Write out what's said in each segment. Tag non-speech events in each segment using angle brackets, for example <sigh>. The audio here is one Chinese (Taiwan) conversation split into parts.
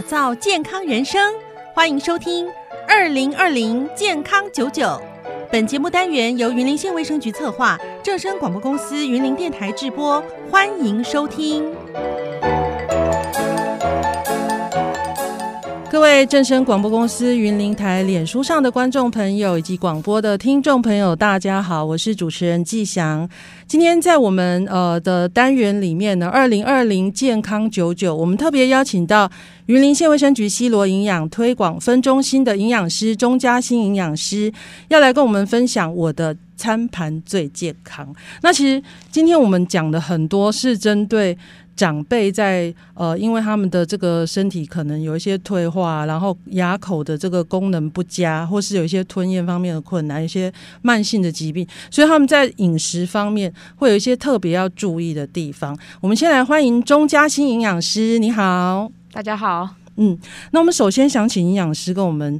打造健康人生，歡迎收聽二零二零健康久久。本節目單元由雲林縣衛生局策劃，正聲廣播公司雲林電台製播，歡迎收聽。各位正聲廣播公司雲林台臉書上的觀眾朋友，以及廣播的聽眾朋友，大家好，我是主持人季翔。今天在我們呃的單元裡面呢，二零二零健康久久，我們特別邀請到雲林縣衛生局西螺營養推廣分中心的營養師鍾家欣營養師，要來跟我們分享我的。餐盤最健康。那其實今天我們講的很多是針對長輩在呃，因為他們的這個身體可能有一些退化，然後牙口的這個功能不佳，或是有一些吞嚥方面的困難，一些慢性的疾病，所以他們在飲食方面會有一些特別要注意的地方。我們先來歡迎鍾家欣營養師，你好，大家好。嗯，那我們首先想請營養師跟我們。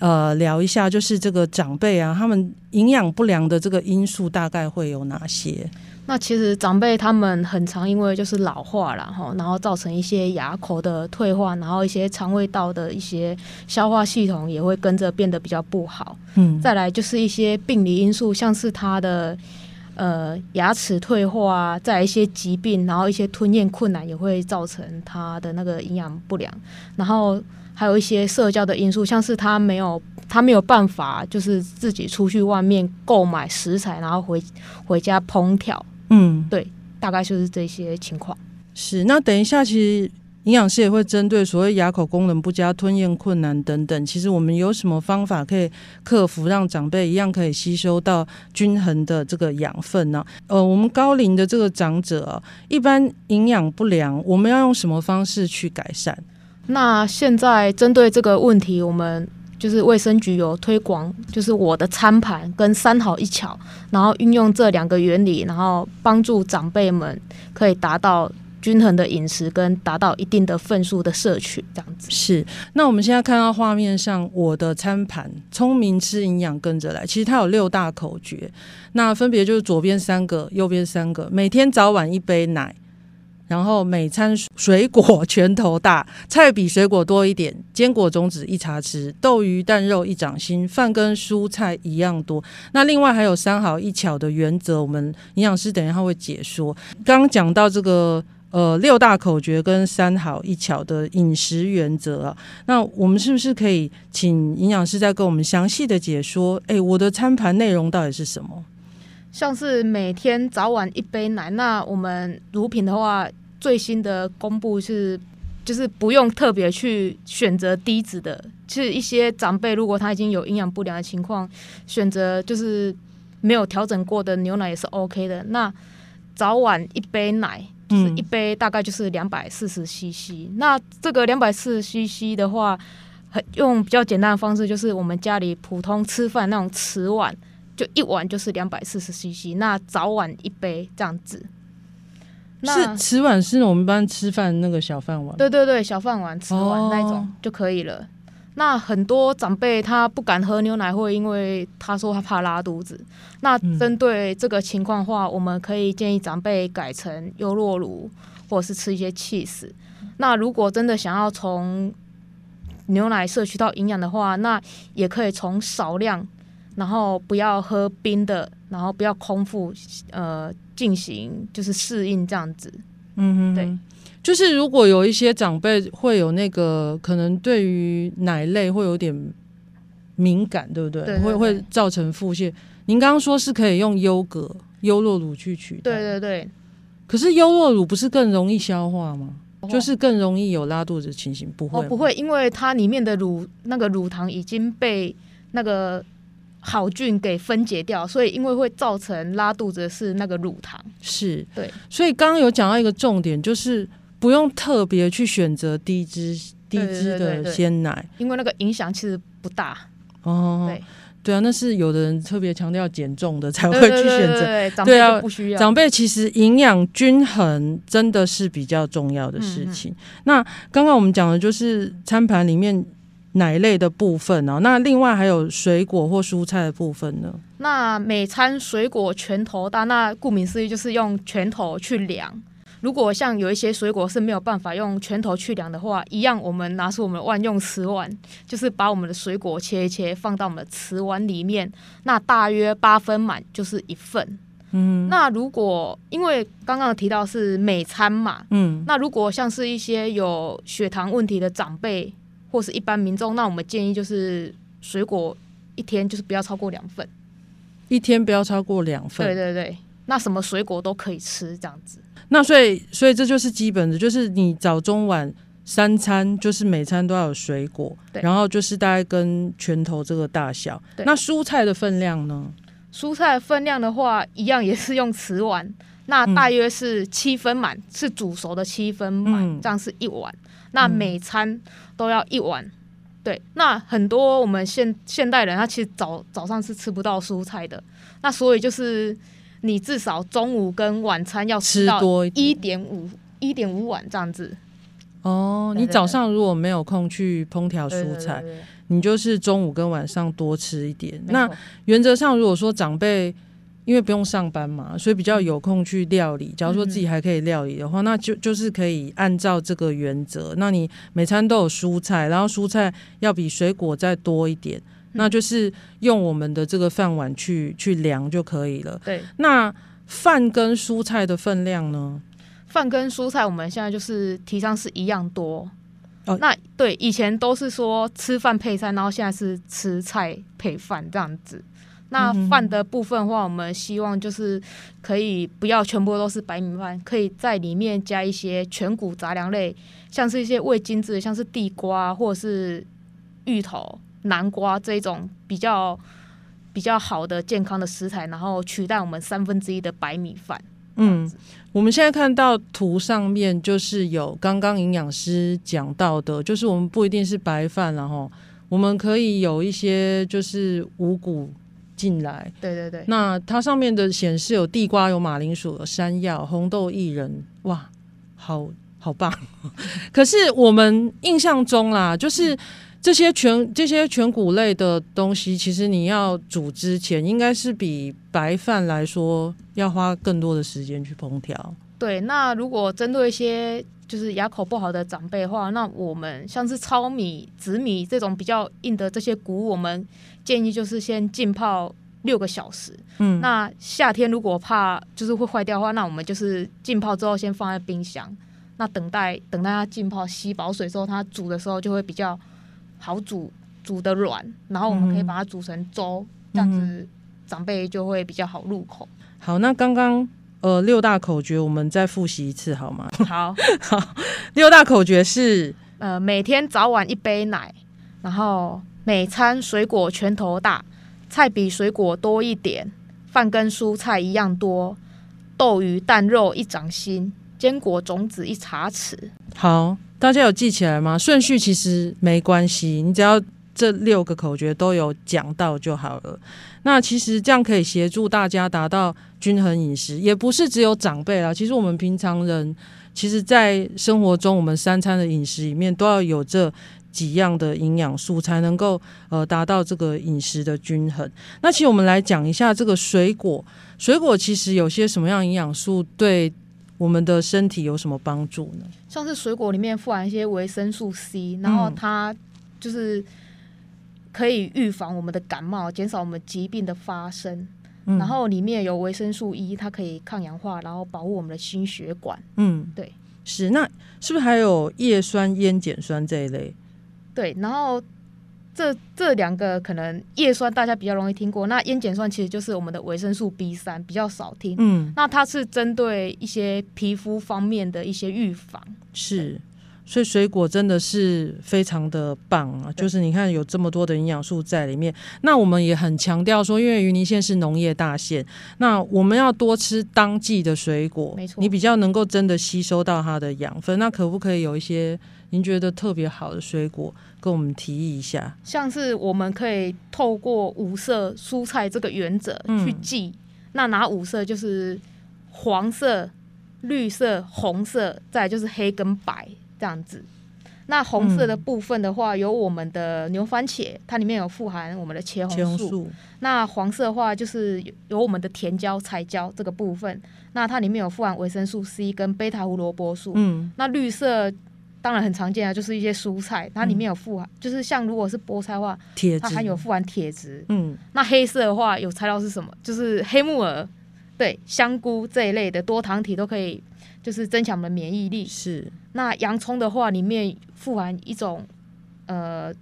呃，聊一下就是這個長輩啊，他們營養不良的這個因素大概會有哪些？那其實長輩他們很常因為就是老化了哈，然後造成一些牙口的退化，然後一些腸胃道的一些消化系統也會跟着變得比較不好。嗯，再來就是一些病理因素，像是他的呃牙齒退化啊，再來一些疾病，然後一些吞嚥困難也會造成他的那個營養不良，然後。還有一些社交的因素，像是他沒有他沒有辦法，就是自己出去外面購買食材，然後回回家烹調。嗯，對，大概就是這些情況。是，那等一下，其實營養師也會針對所謂牙口功能不佳、吞嚥困難等等，其實我們有什麼方法可以克服，讓長輩一樣可以吸收到均衡的這個養分呢、啊？呃，我們高齡的這個長者、啊，一般營養不良，我們要用什麼方式去改善？那現在針對這個問題，我們就是衛生局有推廣，就是我的餐盤跟三好一巧，然後運用這兩個原理，然後幫助長輩們可以達到均衡的飲食跟達到一定的份數的攝取，這樣子。是。那我們現在看到畫面上，我的餐盤，聰明吃營養跟着來，其實它有六大口訣，那分別就是左邊三個，右邊三個，每天早晚一杯奶。然後每餐水果拳頭大，菜比水果多一點，堅果種子一茶匙，豆魚蛋肉一掌心，飯跟蔬菜一樣多。那另外還有三好一巧的原則，我們營養師等一下會解說。剛講到這個呃六大口訣跟三好一巧的飲食原則，啊，那我們是不是可以請營養師再跟我們詳細的解說？哎，我的餐盤內容到底是什麼？像是每天早晚一杯奶，那我們乳品的話，最新的公布是，就是不用特別去選擇低脂的。其實一些長輩如果他已經有營養不良的情況，選擇就是沒有調整過的牛奶也是 OK 的。那早晚一杯奶，就是一杯大概就是兩百四十 CC。嗯。那這個兩百四十 CC 的話，很用比較簡單的方式，就是我們家裡普通吃飯那種瓷碗。就一碗就是兩百四十 CC，那早晚一杯這樣子。那吃碗是，是我們班吃飯那個小飯碗，對對對，小飯碗吃碗、哦、那種就可以了。那很多長輩他不敢喝牛奶，會因為他說他怕拉肚子。那針對這個情況的話，嗯、我們可以建議長輩改成優酪乳，或者是吃一些 cheese。那如果真的想要從牛奶攝取到營養的話，那也可以從少量。然後不要喝冰的，然後不要空腹，呃，進行就是適應這樣子。嗯哼，對，就是如果有一些長輩會有那個可能對於奶類會有點敏感，對不對？對對對，會會造成腹瀉。您剛剛說是可以用優格、優酪乳去取代，對對對。可是優酪乳不是更容易消化嗎？哦，就是更容易有拉肚子情形，不會嗎？哦，不會，因為它裡面的乳那個乳糖已經被那個。好菌給分解掉，所以因為會造成拉肚子的是那個乳糖，是。對，所以剛剛有講到一個重點，就是不用特別去選擇低脂低脂的鮮奶。對對對對對對，因為那個影響其實不大。哦，對對啊，那是有的人特別強調減重的才會去選擇。對啊，長輩不需要，對啊。長輩其實營養均衡真的是比較重要的事情。嗯哼。那剛剛我們講的就是餐盤裡面。奶類的部分哦、啊，那另外還有水果或蔬菜的部分呢？那每餐水果拳頭大，那顧名思義就是用拳頭去量。如果像有一些水果是沒有辦法用拳頭去量的話，一樣我們拿出我們的萬用瓷碗，就是把我們的水果切一切放到我們的瓷碗裡面，那大約八分滿就是一份。嗯，那如果因為剛剛提到是每餐嘛，嗯，那如果像是一些有血糖問題的長輩。或是一般民眾，那我們建議就是水果一天就是不要超過兩份，一天不要超過兩份。對對對，那什麼水果都可以吃，這樣子。那所以，所以這就是基本的，就是你早中晚三餐，就是每餐都要有水果。對。然後就是大概跟拳頭這個大小。對。那蔬菜的分量呢？蔬菜的分量的話，一樣也是用瓷碗，那大約是七分滿，嗯、是煮熟的七分滿，嗯、這樣是一碗。那每餐都要一碗，嗯、對。那很多我們現現代人，他其實早早上是吃不到蔬菜的。那所以就是你至少中午跟晚餐要吃，吃多一點，五一點五碗這樣子。哦，你早上如果沒有空去烹調蔬菜，對對對對對，你就是中午跟晚上多吃一點。有那原則上，如果說長輩。因為不用上班嘛，所以比較有空去料理。假如說自己還可以料理的話，嗯、哼那就就是可以按照這個原則，那你每餐都有蔬菜，然後蔬菜要比水果再多一點，那就是用我們的這個飯碗去去量就可以了。對、嗯，那飯跟蔬菜的分量呢？飯跟蔬菜我們現在就是提倡是一樣多哦。那對，以前都是說吃飯配菜，然後現在是吃菜配飯這樣子。那飯的部分的話，我們希望就是可以不要全部都是白米飯，可以在裡面加一些全穀雜糧類，像是一些未精製，像是地瓜或是芋頭、南瓜這一種比較比較好的健康的食材，然後取代我們三分之一的白米飯。嗯，我們現在看到圖上面就是有剛剛營養師講到的，就是我們不一定是白飯，然後我們可以有一些就是五穀進來，對對對。那它上面的顯示有地瓜、有馬鈴薯、有山藥、紅豆、薏仁，哇，好好棒！ <laughs> 可是我們印象中啦，就是這些全這些全谷類的東西，其實你要煮之前，應該是比白飯來說要花更多的時間去烹調。對，那如果針對一些就是牙口不好的長輩的話，那我們像是糙米、紫米這種比較硬的這些穀物，我們建議就是先浸泡六個小時。嗯，那夏天如果怕就是會壞掉的話，那我們就是浸泡之後先放在冰箱，那等待等待它浸泡吸飽水之後，它煮的時候就會比較好煮，煮得軟，然後我們可以把它煮成粥，嗯，這樣子長輩就會比較好入口。好，那剛剛。呃，六大口訣我們再復習一次好嗎？好，好， <laughs> 六大口訣是：呃，每天早晚一杯奶，然後每餐水果拳頭大，菜比水果多一點，飯跟蔬菜一樣多，豆魚蛋肉一掌心，堅果種子一茶匙。好，大家有記起來嗎？順序其實沒關係，你只要。這六個口訣都有講到就好了。那其實這樣可以協助大家達到均衡飲食，也不是只有長輩了。其實我們平常人，其實在生活中，我們三餐的飲食裡面都要有這幾樣的營養素，才能夠呃達到這個飲食的均衡。那其實我們來講一下這個水果，水果其實有些什麼樣的營養素對我們的身體有什麼幫助呢？像是水果裡面富含一些維生素 C，然後它就是。可以預防我們的感冒，減少我們疾病的發生。嗯，然後裡面有維生素 E，它可以抗氧化，然後保護我們的心血管。嗯，對，是。那是不是還有葉酸、菸鹼酸這一類？對，然後這這兩個可能葉酸大家比較容易聽過，那菸鹼酸其實就是我們的維生素 B 三，比較少聽。嗯，那它是針對一些皮膚方面的一些預防，是。所以水果真的是非常的棒啊，就是你看有這麼多的營養素在裡面。對那我們也很強調說，因為雲林縣是農業大縣，那我們要多吃當季的水果，沒錯，你比較能夠真的吸收到它的養分。那可不可以有一些您覺得特別好的水果跟我們提議一下？像是我們可以透過五色蔬菜這個原則去記，嗯、那哪五色就是黃色、綠色、紅色，再就是黑跟白。這樣子，那紅色的部分的話，嗯、有我們的牛番茄，它裡面有富含我們的茄紅素。茄紅素。那黃色的話，就是有我們的甜椒、彩椒這個部分，那它裡面有富含維生素 C 跟貝塔胡蘿蔔素。嗯。那綠色當然很常見啊，就是一些蔬菜，它裡面有富含，嗯、就是像如果是菠菜的話，鐵質、它含有富含鐵質。嗯。那黑色的話，有材料是什麼？就是黑木耳，對，香菇這一類的多糖體都可以，就是增強我們的免疫力。是。那洋蔥的話，裡面富含一種呃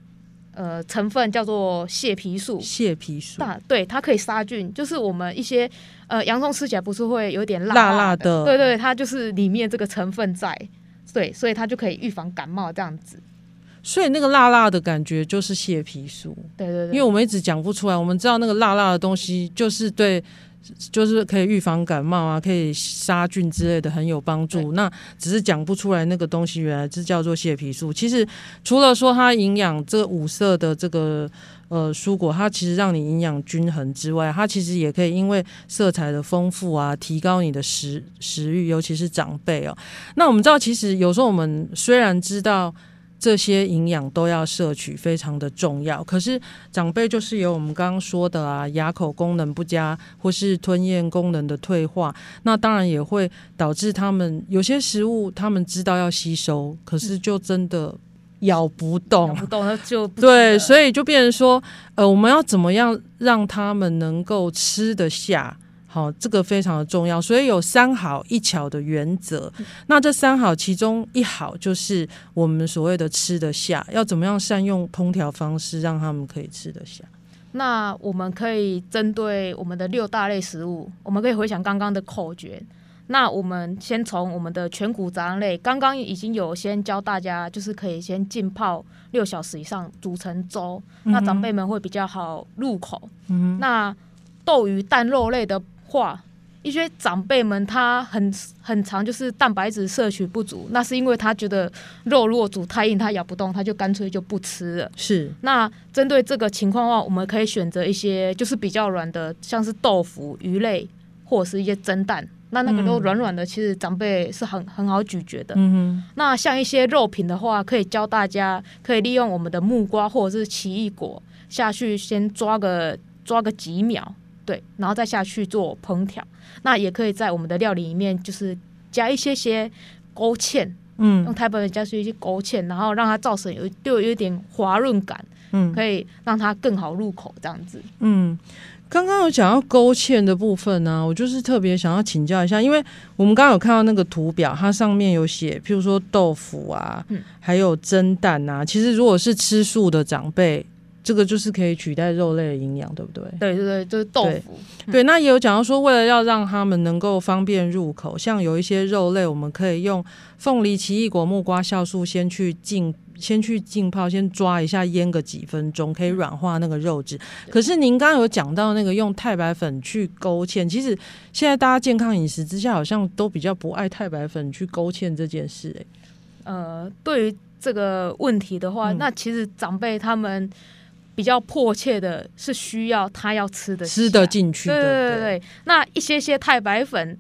呃成分，叫做蟹皮素。蟹皮素，那對，它可以殺菌，就是我們一些呃洋蔥吃起來不是會有點辣辣的？辣辣的，對對，它就是裡面這個成分在，對，所以它就可以預防感冒這樣子。所以那個辣辣的感覺就是蟹皮素，對，對對，因為我們一直講不出來，我們知道那個辣辣的東西就是對。就是可以預防感冒啊，可以殺菌之類的，很有幫助。對那只是講不出來那個東西原來是叫做槲皮素。其實除了說它營養這五色的這個呃蔬果，它其實讓你營養均衡之外，它其實也可以因為色彩的豐富啊，提高你的食食慾，尤其是長輩哦。那我們知道，其實有時候我們雖然知道。這些營養都要攝取，非常的重要。可是長輩就是有我們剛剛說的啊，牙口功能不佳，或是吞嚥功能的退化，那當然也會導致他們有些食物他們知道要吸收，可是就真的咬不動，咬不動它就對，所以就變成說，呃，我們要怎麼樣讓他們能夠吃得下？好，這個非常的重要，所以有三好一巧的原則。嗯、那這三好其中一好就是我們所謂的吃得下，要怎麼樣善用烹調方式讓他們可以吃得下？那我們可以針對我們的六大類食物，我們可以回想剛剛的口訣。那我們先從我們的全穀雜糧類，剛剛已經有先教大家，就是可以先浸泡六小時以上煮成粥，嗯、哼那長輩們會比較好入口。嗯、哼那豆魚蛋肉類的。話一些長輩們，他很很常，就是蛋白質攝取不足，那是因為他覺得肉如果煮太硬，他咬不動，他就乾脆就不吃了。是，那針對這個情況的話，我們可以選擇一些就是比較軟的，像是豆腐、魚類或者是一些蒸蛋，那那個都軟軟的，嗯、其實長輩是很很好咀嚼的。嗯哼，那像一些肉品的話，可以教大家可以利用我們的木瓜或者是奇異果下去先抓個抓個幾秒。對，然後再下去做烹調，那也可以在我們的料理裡面，就是加一些些勾芡。嗯，用太白粉加一些勾芡，然後讓它造成有就有一點滑潤感，嗯，可以讓它更好入口這樣子。嗯，剛剛有講到勾芡的部分呢、啊，我就是特別想要請教一下，因為我們剛剛有看到那個圖表，它上面有寫，譬如說豆腐啊，嗯、還有蒸蛋啊，其實如果是吃素的長輩。這個就是可以取代肉類的營養，對不對？對對對，就是豆腐。對，對，那也有講到說，為了要讓他們能夠方便入口，嗯、像有一些肉類，我們可以用鳳梨、奇異果、木瓜酵素先去浸，先去浸泡，先抓一下，醃個幾分鐘，可以軟化那個肉質。嗯、可是您剛剛有講到那個用太白粉去勾芡，其實現在大家健康飲食之下，好像都比較不愛太白粉去勾芡這件事、欸。呃，對於這個問題的話，嗯、那其實長輩他們。比較迫切的是需要他要吃，吃進的吃的進去，對對對，對，對，對，那一些些太白粉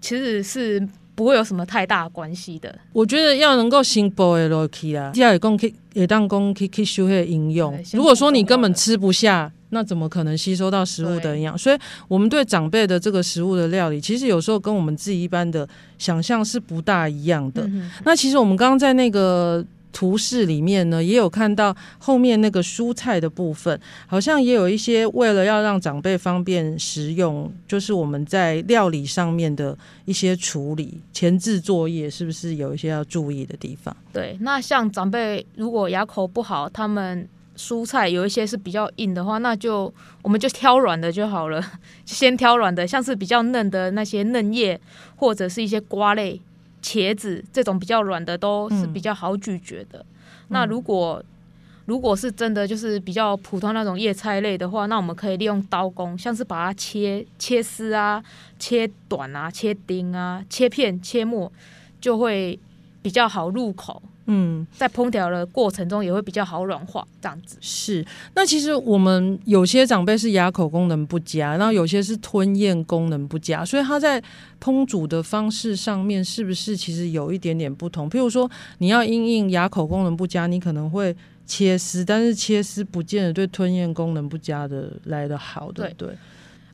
其實是不會有什麼太大關係的。我覺得要能夠吸收的到，起來要共去也當共去去吸收營養。對如果說你根本吃不下，對那怎麼可能吸收到食物的營養？對所以我們對長輩的這個食物的料理，其實有時候跟我們自己一般的想象是不大一樣的。嗯、哼那其實我們剛剛在那個。圖示裡面呢，也有看到後面那個蔬菜的部分，好像也有一些為了要讓長輩方便食用，就是我們在料理上面的一些處理、前置作業，是不是有一些要注意的地方？對，那像長輩如果牙口不好，他們蔬菜有一些是比較硬的話，那就我們就挑軟的就好了，先挑軟的，像是比較嫩的那些嫩葉，或者是一些瓜類。茄子這種比較軟的都是比較好咀嚼的。嗯、那如果如果是真的就是比較普通那種葉菜類的話，那我們可以利用刀工，像是把它切切絲啊、切短啊、切丁啊、切片、切末，就會比較好入口。嗯，在烹調的過程中也會比較好軟化這樣子，嗯。是，那其實我們有些長輩是牙口功能不佳，然後有些是吞嚥功能不佳，所以他在烹煮的方式上面是不是其實有一點點不同？譬如說，你要因應牙口功能不佳，你可能會切絲，但是切絲不見得對吞嚥功能不佳的來得好的好。對對。對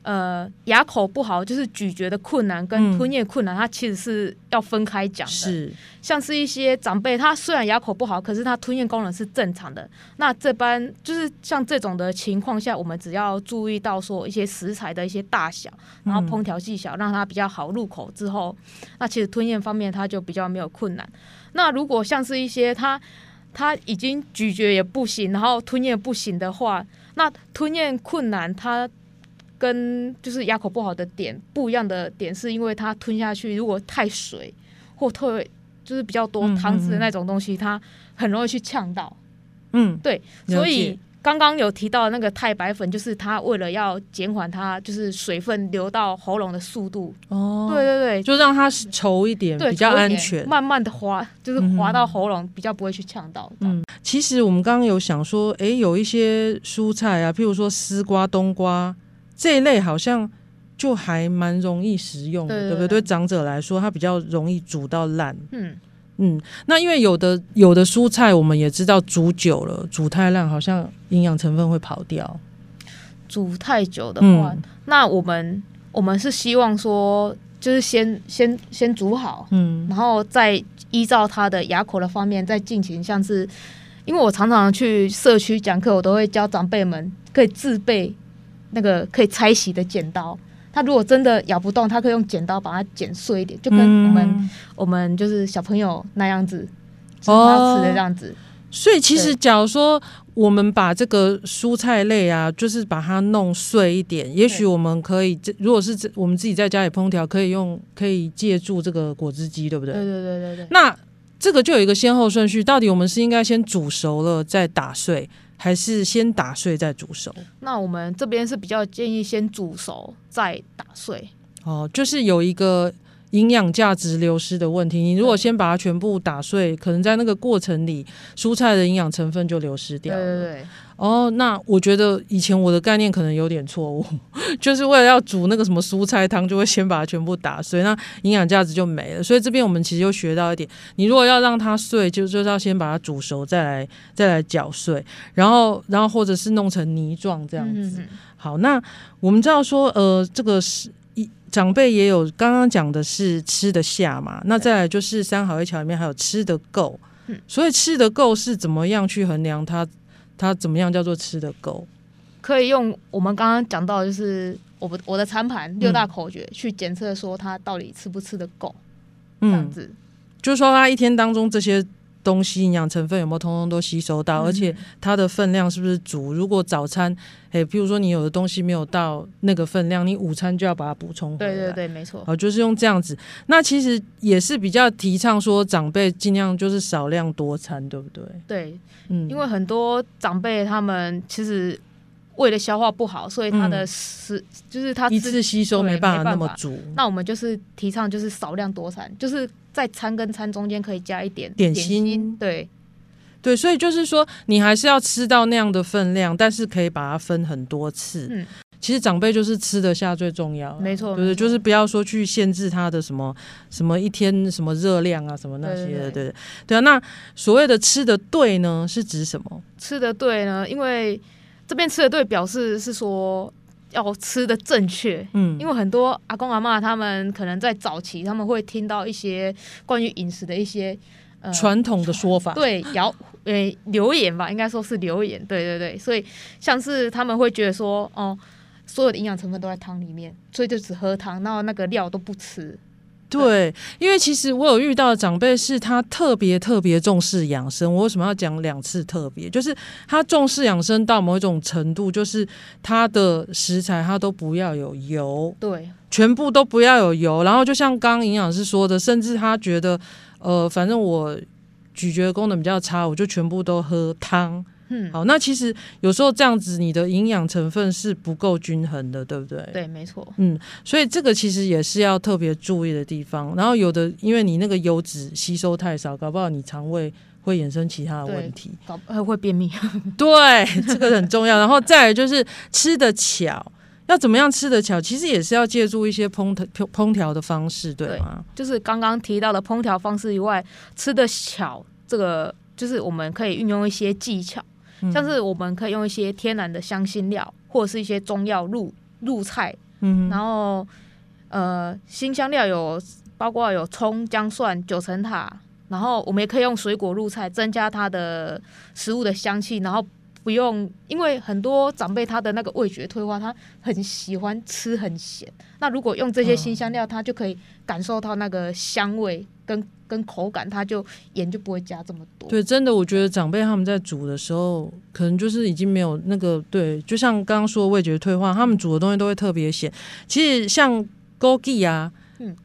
呃，牙口不好就是咀嚼的困難跟吞嚥困難，嗯、它其實是要分開講的。是像是一些長輩，他雖然牙口不好，可是他吞嚥功能是正常的。那這般就是像這種的情況下，我們只要注意到說一些食材的一些大小，然後烹調技巧，讓它比較好入口之後，嗯、那其實吞嚥方面他就比較沒有困難。那如果像是一些他他已經咀嚼也不行，然後吞嚥不行的話，那吞嚥困難他。跟就是牙口不好的點不一樣的點，是因為它吞下去如果太水或特就是比較多湯汁的那種東西，嗯嗯、它很容易去嗆到。嗯，對，了解。所以剛剛有提到那個太白粉，就是它為了要減緩它就是水分流到喉嚨的速度。哦，對對對，就讓它稠一點，對，稠一點，比較安全，慢慢的滑就是滑到喉嚨，比較不會去嗆到。嗯，這樣。其實我們剛剛有想說，哎、欸，有一些蔬菜啊，譬如說絲瓜、冬瓜，這一類好像就還蠻容易食用的，對不對，對，對？對長者來說，它比較容易煮到爛。嗯嗯，那因為有的有的蔬菜，我們也知道煮久了煮太爛，好像營養成分會跑掉。煮太久的話，嗯，那我們我們是希望說，就是先先先煮好，嗯，然後再依照它的牙口的方面再進行，像是因為我常常去社區講課，我都會教長輩們可以自備。那個可以拆洗的剪刀，它如果真的咬不動，它可以用剪刀把它剪碎一點，就跟我們、嗯、我們就是小朋友那樣子，哦，吃的這樣子。所以其實，假如說我們把這個蔬菜類啊，對就是把它弄碎一點，也許我們可以，對如果是我們自己在家裡烹調，可以用可以借助這個果汁機，對不對？對對對對對。那這個就有一個先後順序，到底我們是應該先煮熟了再打碎？還是先打碎再煮熟？那我們這邊是比較建議先煮熟再打碎。哦，就是有一個。營養價值流失的問題，你如果先把它全部打碎，嗯、可能在那個過程裡，蔬菜的營養成分就流失掉了。對對對。哦，那我覺得以前我的概念可能有點錯誤，就是為了要煮那個什麼蔬菜湯，就會先把它全部打碎，那營養價值就沒了。所以這邊我們其實就學到一點，你如果要讓它碎，就就是，要先把它煮熟，再來再來攪碎，然後然後或者是弄成泥狀這樣子。嗯嗯。好，那我們知道說，呃，這個是。長輩也有剛剛講的是吃得下嘛，那再來就是三好一巧裡面還有吃得夠，嗯、所以吃得夠是怎麼樣去衡量它？它怎麼樣叫做吃得夠？可以用我們剛剛講到的就是我我的餐盤六大口訣、嗯、去檢測說它到底吃不吃得夠，這樣子，嗯、就是說它一天當中這些。東西營養成分有沒有通通都吸收到？嗯、而且它的分量是不是足？如果早餐，誒，譬如說你有的東西沒有到那個分量，你午餐就要把它補充回來。對對對，沒錯。好、呃，就是用這樣子。那其實也是比較提倡說，長輩儘量就是少量多餐，對不對？對，嗯，因為很多長輩他們其實。為了消化不好，所以他的吃、嗯、就是他一次吸收沒辦法那麼足。那我們就是提倡就是少量多餐，就是在餐跟餐中間可以加一點點心。點心對對，所以就是說你還是要吃到那樣的分量，但是可以把它分很多次。嗯，其實長輩就是吃得下最重要，啊，沒錯，就是對不對？就是不要說去限制他的什麼什麼一天什麼熱量啊什麼那些，對對啊。那所謂的吃的對呢，是指什麼？吃的對呢，因為。這邊吃的對，表示是說要吃的正確，嗯，因為很多阿公阿媽他們可能在早期他們會聽到一些關於飲食的一些呃、傳統的說法，對謠呃、欸、流言吧，應該說是流言，對對對，所以像是他們會覺得說哦，所有的營養成分都在湯裡面，所以就只喝湯，然後那個料都不吃。對，因為其實我有遇到的長輩是他特別特別重視養生。我為什麼要講兩次特別？就是他重視養生到某一種程度，就是他的食材他都不要有油，對，全部都不要有油。然後就像剛剛營養師說的，甚至他覺得，呃，反正我咀嚼功能比較差，我就全部都喝湯。嗯，好，那其實有時候這樣子，你的營養成分是不夠均衡的，對不對？對，沒錯。嗯，所以這個其實也是要特別注意的地方。然後有的，因為你那個油脂吸收太少，搞不好你腸胃會衍生其他的問題，搞還會便秘。對，這個很重要。然後再來就是吃得巧， <laughs> 要怎麼樣吃得巧，其實也是要借助一些烹調烹烹調的方式，對嗎？對，就是剛剛提到的烹調方式以外，吃得巧，這個就是我們可以運用一些技巧。像是我們可以用一些天然的香辛料，或者是一些中藥入入菜。嗯哼，然後呃，辛香料有包括有蔥、薑、蒜、九層塔，然後我們也可以用水果入菜，增加它的食物的香氣，然後。不用，因為很多長輩他的那個味覺退化，他很喜歡吃很鹹。那如果用這些辛香料，他就可以感受到那個香味跟跟口感，他就鹽就不會加這麼多。對，真的，我覺得長輩他們在煮的時候，可能就是已經沒有那個對，就像剛剛說的味覺退化，他們煮的東西都會特別鹹。其實像枸杞啊，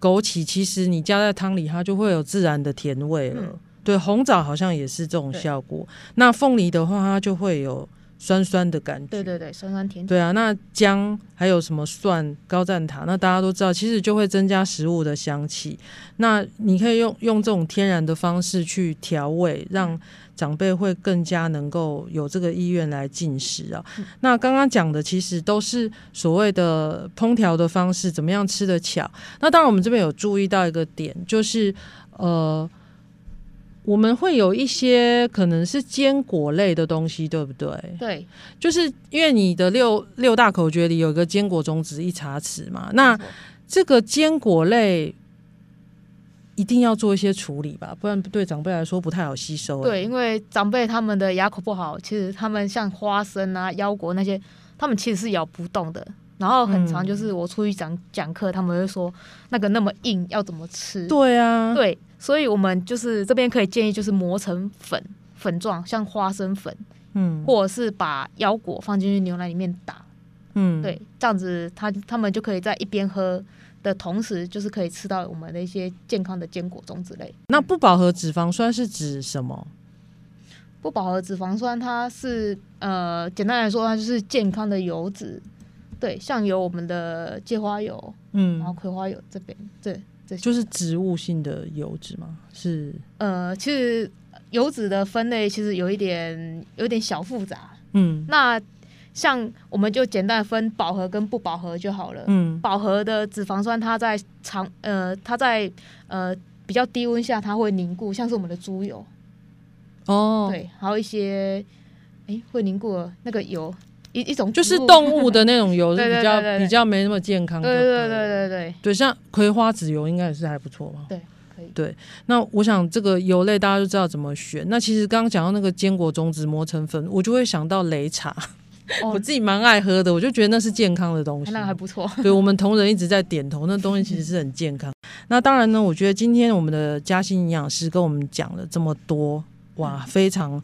枸杞其實你加在湯裡，它就會有自然的甜味了。嗯對，紅棗好像也是這種效果。對那鳳梨的話，它就會有酸酸的感覺。對對對，酸酸甜甜。對啊，那薑還有什麼蒜、高贊糖。那大家都知道，其實就會增加食物的香氣。那你可以用用這種天然的方式去調味，讓長輩會更加能夠有這個意願來進食啊。嗯、那剛剛講的其實都是所謂的烹調的方式，怎麼樣吃得巧。那當然，我們這邊有注意到一個點，就是呃。我們會有一些可能是堅果類的東西，對不對？對，就是因為你的六六大口訣裡有一個堅果種子一茶匙嘛，那這個堅果類一定要做一些處理吧，不然對長輩來說不太好吸收。對，因為長輩他們的牙口不好，其實他們像花生啊、腰果那些，他們其實是咬不動的。然後很常，就是我出去講講課，嗯、他們會說那個那麼硬，要怎麼吃？對啊，對，所以我們就是這邊可以建議，就是磨成粉粉狀，像花生粉，嗯，或者是把腰果放進去牛奶裡面打，嗯，對，這樣子他他們就可以在一邊喝的同時，就是可以吃到我們的一些健康的堅果種子類。那不飽和脂肪酸是指什麼？不飽和脂肪酸，它是呃，簡單來說，它就是健康的油脂。對，像有我們的芥花油，嗯，然後葵花油這邊，對，這就是植物性的油脂嗎？是，呃，其實油脂的分類其實有一點有一點小複雜，嗯，那像我們就簡單分飽和跟不飽和就好了，嗯，飽和的脂肪酸它在常呃它在呃比較低溫下它會凝固，像是我們的豬油，哦，對，還有一些哎會凝固了那個油。一,一種就是動物的那種油，比較比較沒那麼健康。對對，對對對對對，對像葵花籽油應該也是還不錯吧？對，對，那我想這個油類大家都知道怎麼選。那其實剛剛講到那個堅果種子磨成粉，我就會想到擂茶，哦、 <laughs> 我自己蠻愛喝的。我就覺得那是健康的東西，那還不錯。對我們同仁一直在點頭，那東西其實是很健康。 <laughs> 那當然呢，我覺得今天我們的家欣營養師跟我們講了這麼多，哇，嗯、非常。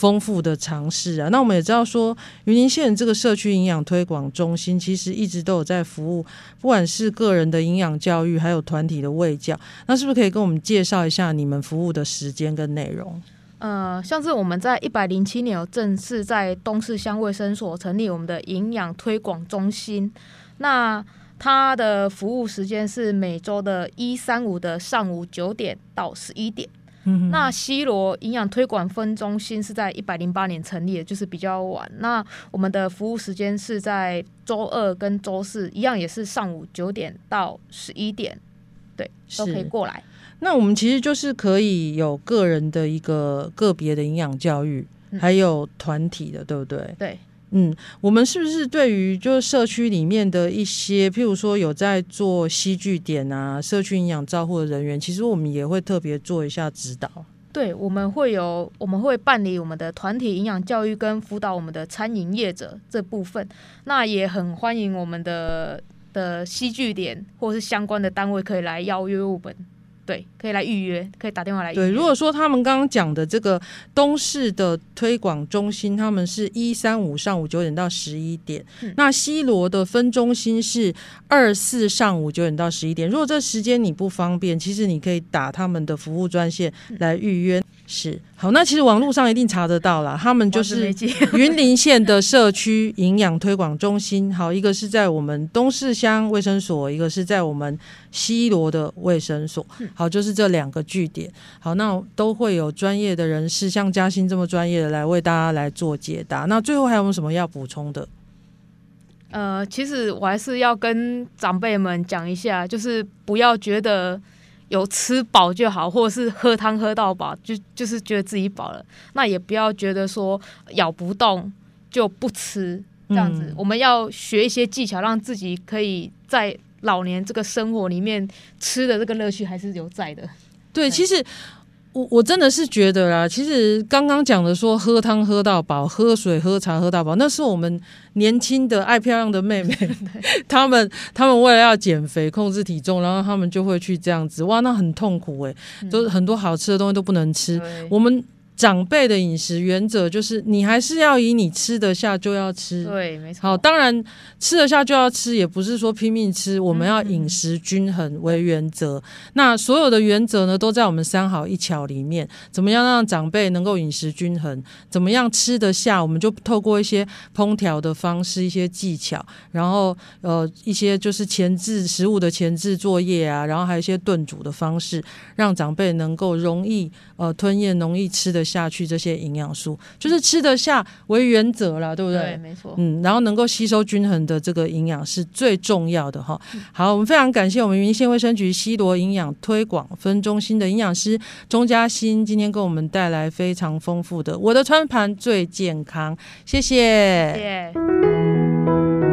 豐富的嘗試啊，那我們也知道說，雲林縣這個社區營養推廣中心其實一直都有在服務，不管是個人的營養教育，還有團體的衛教。那是不是可以跟我們介紹一下你們服務的時間跟內容？呃，像是我們在一百零七年有正式在東勢鄉衛生所成立我們的營養推廣中心，那它的服務時間是每周的一三五的上午九點到十一點。 <noise> 那西螺營養推廣分中心是在一百零八年成立的，就是比較晚。那我們的服務時間是在周二跟周四，一樣也是上午九點到十一點，對，是都可以過來。那我們其實就是可以有個人的一個個別的營養教育，嗯、還有團體的，對不對？對。嗯，我們是不是對於就是社區裡面的一些，譬如說有在做西聚點啊、社區營養照護的人員，其實我們也會特別做一下指導。對，我們會有，我們會辦理我們的團體營養教育跟輔導我們的餐飲業者這部分。那也很歡迎我們的的西聚點或是相關的單位可以來邀約我們。對，可以來預約，可以打電話來預約。對，如果說他們剛剛講的這個東勢的推廣中心，他們是一三五上午九點到十一點，嗯、那西螺的分中心是二四上午九點到十一點。如果這時間你不方便，其實你可以打他們的服務專線來預約。嗯、是，好，那其實網絡上一定查得到了，他們就是雲林縣的社區營養推廣中心。 <laughs> 好，一個是在我們東勢鄉衛生所，一個是在我們。西螺的衛生所，好，就是這兩個據點。好，那都會有專業的人士，像家欣這麼專業的來為大家來做解答。那最後還有沒有什麼要補充的？呃，其實我還是要跟長輩們講一下，就是不要覺得有吃飽就好，或者是喝湯喝到飽就就是覺得自己飽了，那也不要覺得說咬不動就不吃這樣子。嗯、我們要學一些技巧，讓自己可以在。老年這個生活裡面吃的這個樂趣還是有在的。對，對，其實我我真的是覺得啦，其實剛剛講的說喝湯喝到飽，喝水喝茶喝到飽，那是我們年輕的愛漂亮的妹妹，對他們他們為了要減肥控制體重，然後他們就會去這樣子，哇，那很痛苦，欸、就是很多好吃的東西都不能吃，嗯、我們。長輩的飲食原則就是，你還是要以你吃得下就要吃。對，沒錯。好，當然吃得下就要吃，也不是說拼命吃。我們要飲食均衡為原則。嗯、那所有的原則呢，都在我們三好一巧裡面。怎麼樣讓長輩能夠飲食均衡？怎麼樣吃得下？我們就透過一些烹調的方式、一些技巧，然後呃一些就是前置食物的前置作業啊，然後還有一些燉煮的方式，讓長輩能夠容易呃吞嚥、容易吃得下。下去這些營養素，就是吃得下為原則了，對不對？對，沒錯。嗯，然後能夠吸收均衡的這個營養是最重要的哈。嗯、好，我們非常感謝我們雲林縣衛生局西螺營養推廣分中心的營養師鍾家欣，今天給我們帶來非常豐富的我的餐盤最健康，謝謝。謝謝。